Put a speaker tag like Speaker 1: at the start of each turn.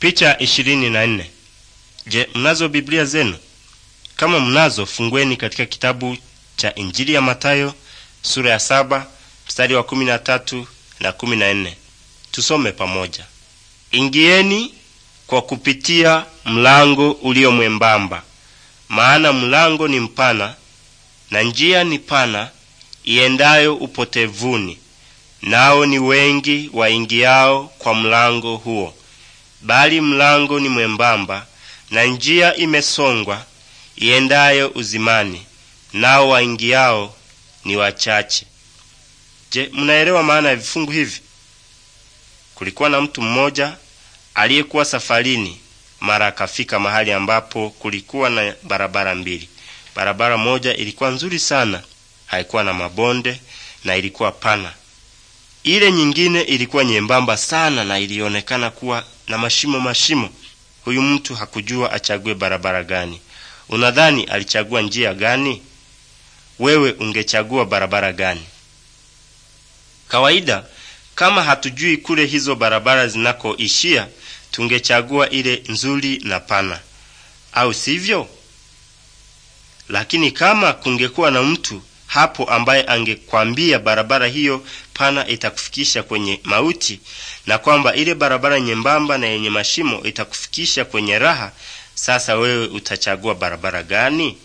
Speaker 1: Picha 24. Je, mnazo Biblia zenu? Kama mnazo, fungueni katika kitabu cha Injili ya Matayo sura ya saba mstari wa kumi na tatu na kumi na nne. Tusome pamoja. Ingieni kwa kupitia mlango ulio mwembamba, maana mlango ni mpana na njia ni pana iendayo upotevuni, nao ni wengi waingiao kwa mlango huo bali mlango ni mwembamba na njia imesongwa iendayo uzimani, nao waingiao ni wachache. Je, mnaelewa maana ya vifungu hivi? Kulikuwa na mtu mmoja aliyekuwa safarini, mara akafika mahali ambapo kulikuwa na barabara mbili. Barabara moja ilikuwa nzuri sana, haikuwa na mabonde na ilikuwa pana. Ile nyingine ilikuwa nyembamba sana na ilionekana kuwa na mashimo mashimo. Huyu mtu hakujua achague barabara gani. Unadhani alichagua njia gani? Wewe ungechagua barabara gani? Kawaida, kama hatujui kule hizo barabara zinakoishia, tungechagua ile nzuri na pana, au sivyo? Lakini kama kungekuwa na mtu hapo ambaye angekwambia barabara hiyo pana itakufikisha kwenye mauti na kwamba ile barabara nyembamba na yenye mashimo itakufikisha kwenye raha, sasa wewe utachagua barabara gani?